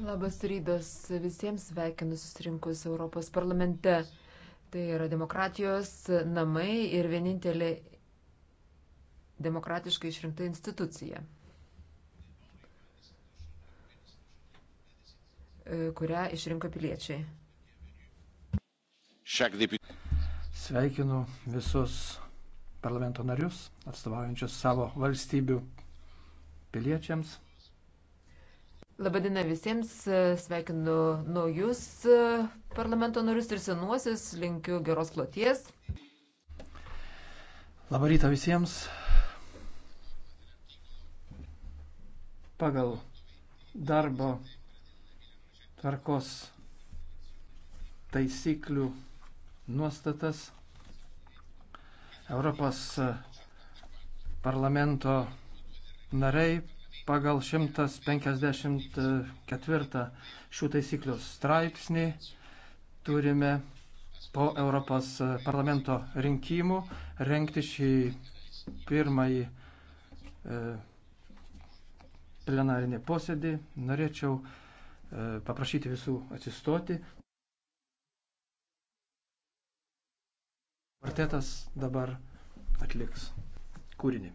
Labas rytas visiems sveikinu susirinkus Europos parlamente. Tai yra demokratijos namai ir vienintelė demokratiškai išrinkta institucija, kurią išrinko piliečiai. Sveikinu visus parlamento narius, atstovaujančius savo valstybių piliečiams. Labadiena visiems, sveikinu naujus e, parlamento narius ir senuosius, linkiu geros kloties. Labą rytą visiems. Pagal darbo tvarkos taisyklių nuostatas Europos e, parlamento nariai pagal 154 šių taisyklių straipsnį turime po Europos parlamento rinkimų renkti šį pirmąjį e, plenarinį posėdį. Norėčiau e, paprašyti visų atsistoti. Kvartetas dabar atliks kūrinį.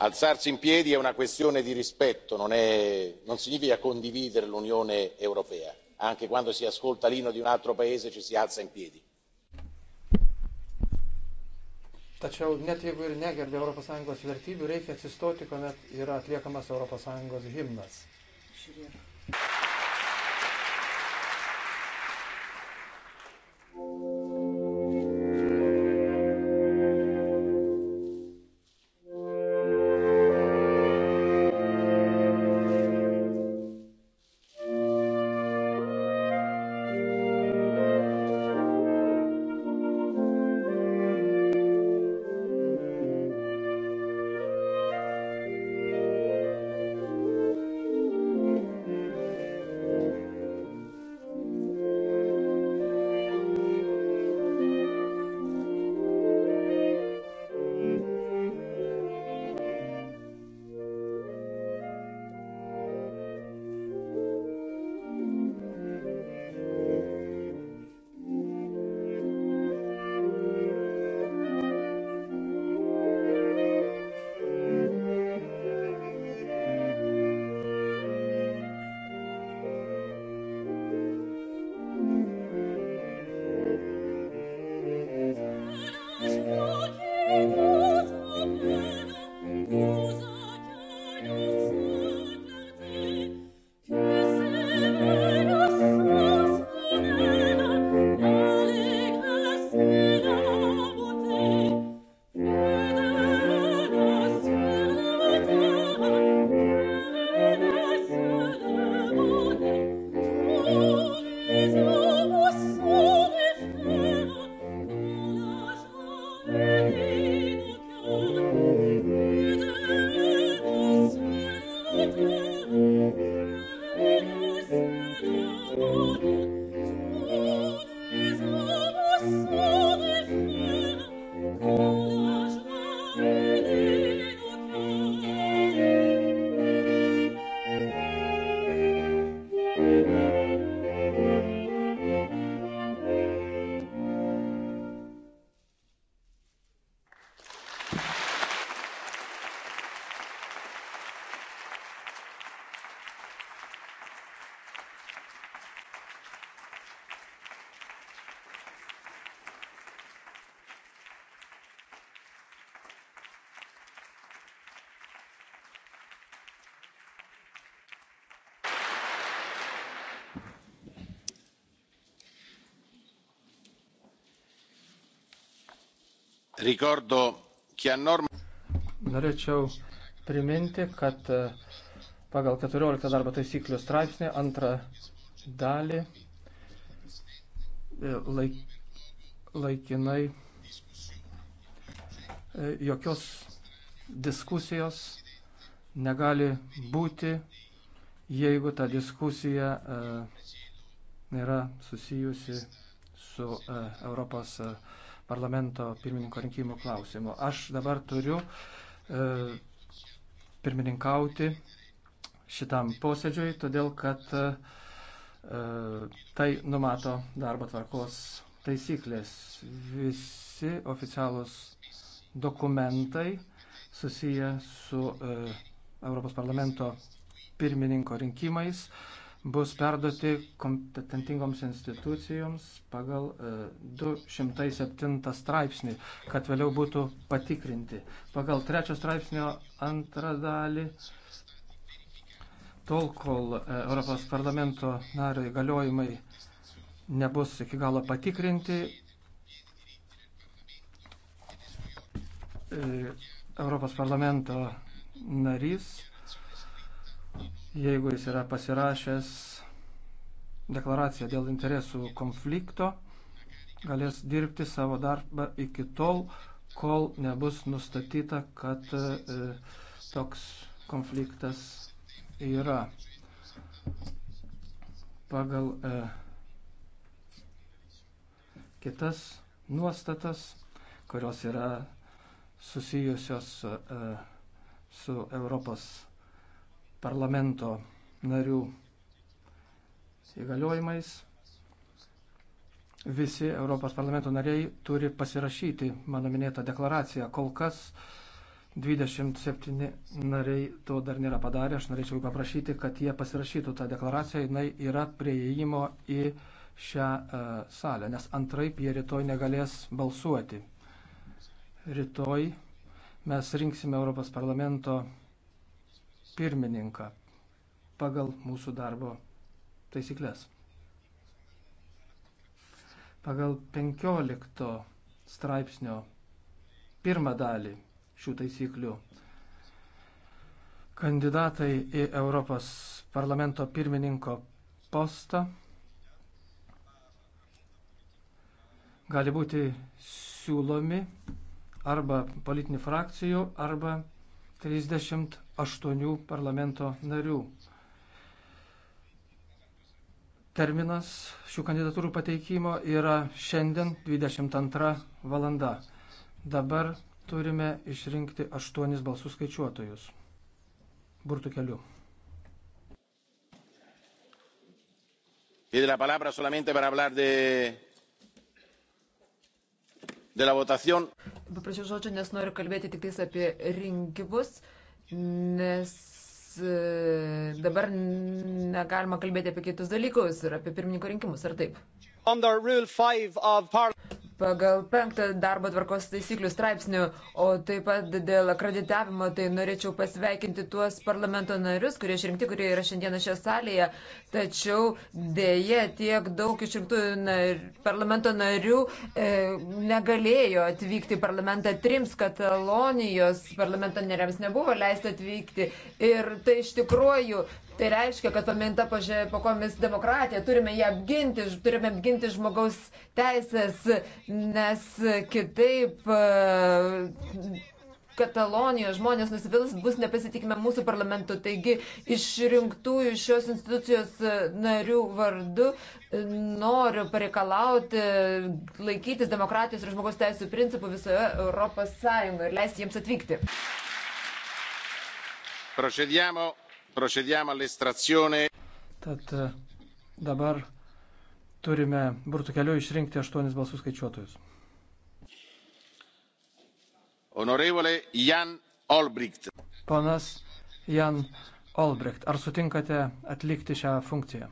alzarsi in piedi è una questione di rispetto non significa condividere l'unione europea anche quando si ascolta l'inno di un altro paese ci si alza in piedi. Tačiau net jeigu ir negerbė ES vertybių, reikia atsistoti, kuomet yra atliekamas ES himnas. Žiūrėk. Ricordo, che a norma. Norėčiau priminti, kad e, pagal 14 darbo taisyklių straipsnį antrą dalį e, laik, laikinai e, jokios diskusijos negali būti, jeigu ta diskusija yra susijusi su Europos parlamento pirmininko rinkimų klausimu. Aš dabar turiu e, pirmininkauti šitam posėdžiui, todėl kad e, tai numato darbo tvarkos taisyklės. Visi oficialūs dokumentai susiję su e, Europos parlamento pirmininko rinkimais bus perduoti kompetentingoms institucijoms pagal 207 e, straipsnį, kad vėliau būtų patikrinti. Pagal 3 straipsnio antrą dalį, tol kol e, Europos parlamento nario įgaliojimai nebus iki galo patikrinti, e, Europos parlamento narys jeigu jis yra pasirašęs deklaraciją dėl interesų konflikto, galės dirbti savo darbą iki tol, kol nebus nustatyta, kad e, toks konfliktas yra. Pagal e, kitas nuostatas, kurios yra susijusios e, su Europos parlamento narių įgaliojimais visi Europos parlamento nariai turi pasirašyti mano minėtą deklaraciją. Kol kas 27 nariai to dar nėra padarę. Aš norėčiau paprašyti, kad jie pasirašytų tą deklaraciją. Jis yra prieėjimo į šią uh, salę, nes antraip jie rytoj negalės balsuoti. Rytoj mes rinksime Europos parlamento pirmininką pagal mūsų darbo taisyklės. Pagal 15 straipsnio pirmą dalį šių taisyklių kandidatai į Europos parlamento pirmininko postą gali būti siūlomi arba politinių frakcijų, arba 38 parlamento narių. Terminas šių kandidatūrų pateikimo yra šiandien 22 valanda. Dabar turime išrinkti 8 balsų skaičiuotojus. Burtų keliu. Pide la palabra solamente para hablar de Paprašiau žodžio, nes noriu kalbėti tik tais apie rinkimus, nes e, dabar negalima kalbėti apie kitus dalykus ir apie pirmininko rinkimus, ar taip? pagal penktą darbo tvarkos taisyklių straipsnių, o taip pat dėl akreditavimo, tai norėčiau pasveikinti tuos parlamento narius, kurie išrinkti, kurie yra šiandieną šioje salėje. Tačiau dėje tiek daug išrinktų nar, parlamento narių e, negalėjo atvykti į parlamentą. Trims Katalonijos parlamentoneriams nebuvo leista atvykti. Ir tai iš tikrųjų Tai reiškia, kad paminta pakomis demokratija, turime ją apginti, turime apginti žmogaus teisės, nes kitaip e, Katalonijos žmonės nusivils, bus nepasitikime mūsų parlamentu. Taigi išrinktųjų šios institucijos e, narių vardu e, noriu pareikalauti laikytis demokratijos ir žmogaus teisų principų visoje Europos Sąjungoje ir leisti jiems atvykti. Procediamo, procediamo all'estrazione. Tad dabar turime burtų keliu išrinkti aštuonis balsų skaičiuotojus. Honorevole Jan Olbricht. Ponas Jan Olbricht, ar sutinkate atlikti šią funkciją?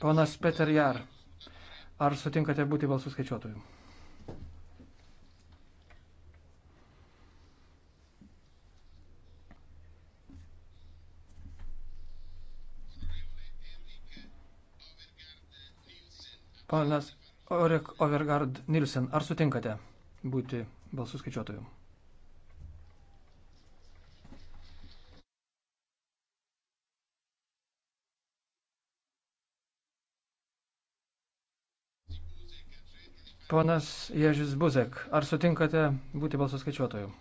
Ponas Peter Jar, ar sutinkate būti balsų skaičiuotojų? Ponas Overgard Nilsen, ar sutinkate būti balsų skaičiuotoju? Ponas Ježis Buzek, ar sutinkate būti balsų skaičiuotoju?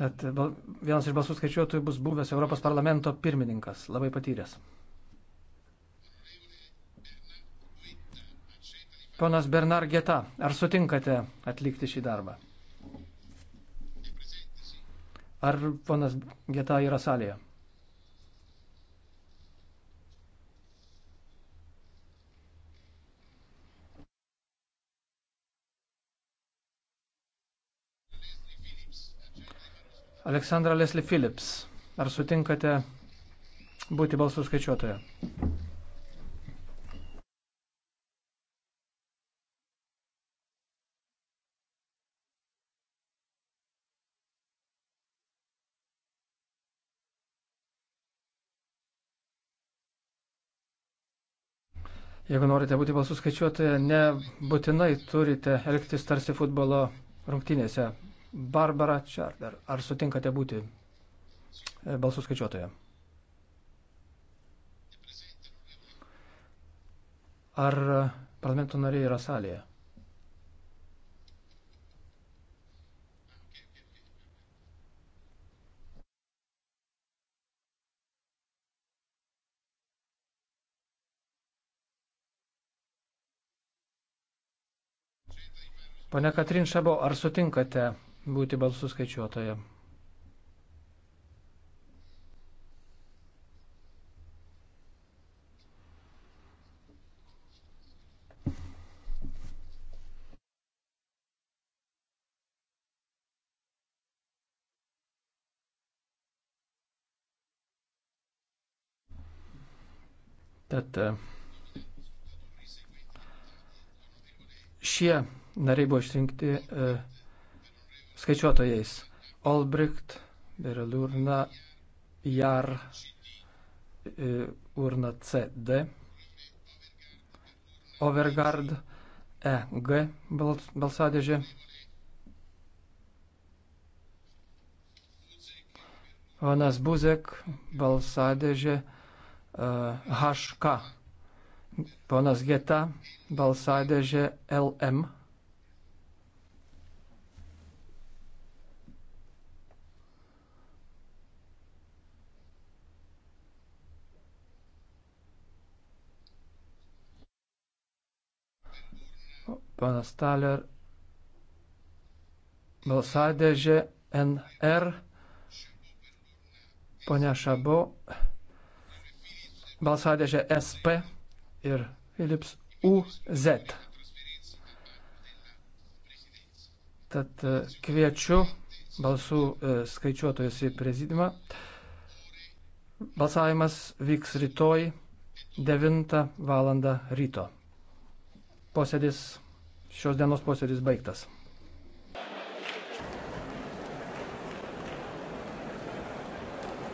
Tad vienas iš balsų skaičiuotojų bus buvęs Europos parlamento pirmininkas, labai patyręs. Ponas Bernard Geta, ar sutinkate atlikti šį darbą? Ar ponas Geta yra salėje? Aleksandra Leslie Phillips, ar sutinkate būti balsų skaičiuotoje? Jeigu norite būti balsų skaičiuotoje, nebūtinai turite elgtis tarsi futbolo rungtynėse. Barbara Charter, ar sutinkate būti e, balsų skaičiuotoje? Ar e, parlamento nariai yra salėje? Pane Katrin Šabo, ar sutinkate būti balsų skaičiuotoje. Tad e, šie nariai buvo išrinkti uh, skaičiuotojais Olbricht, Berelurna, Jar, e, urna CD, Overgard, EG balsadėžė. Vanas Buzek, balsadėžė uh, e, HK. Ponas Geta, balsadėžė LM. panas Taler, balsadėžė NR, ponia Šabo, balsadėžė SP ir Philips UZ. Tad e, kviečiu balsų e, skaičiuotojus į prezidimą. Balsavimas vyks rytoj 9 val. ryto. Posėdis Šios dienos posėdis baigtas.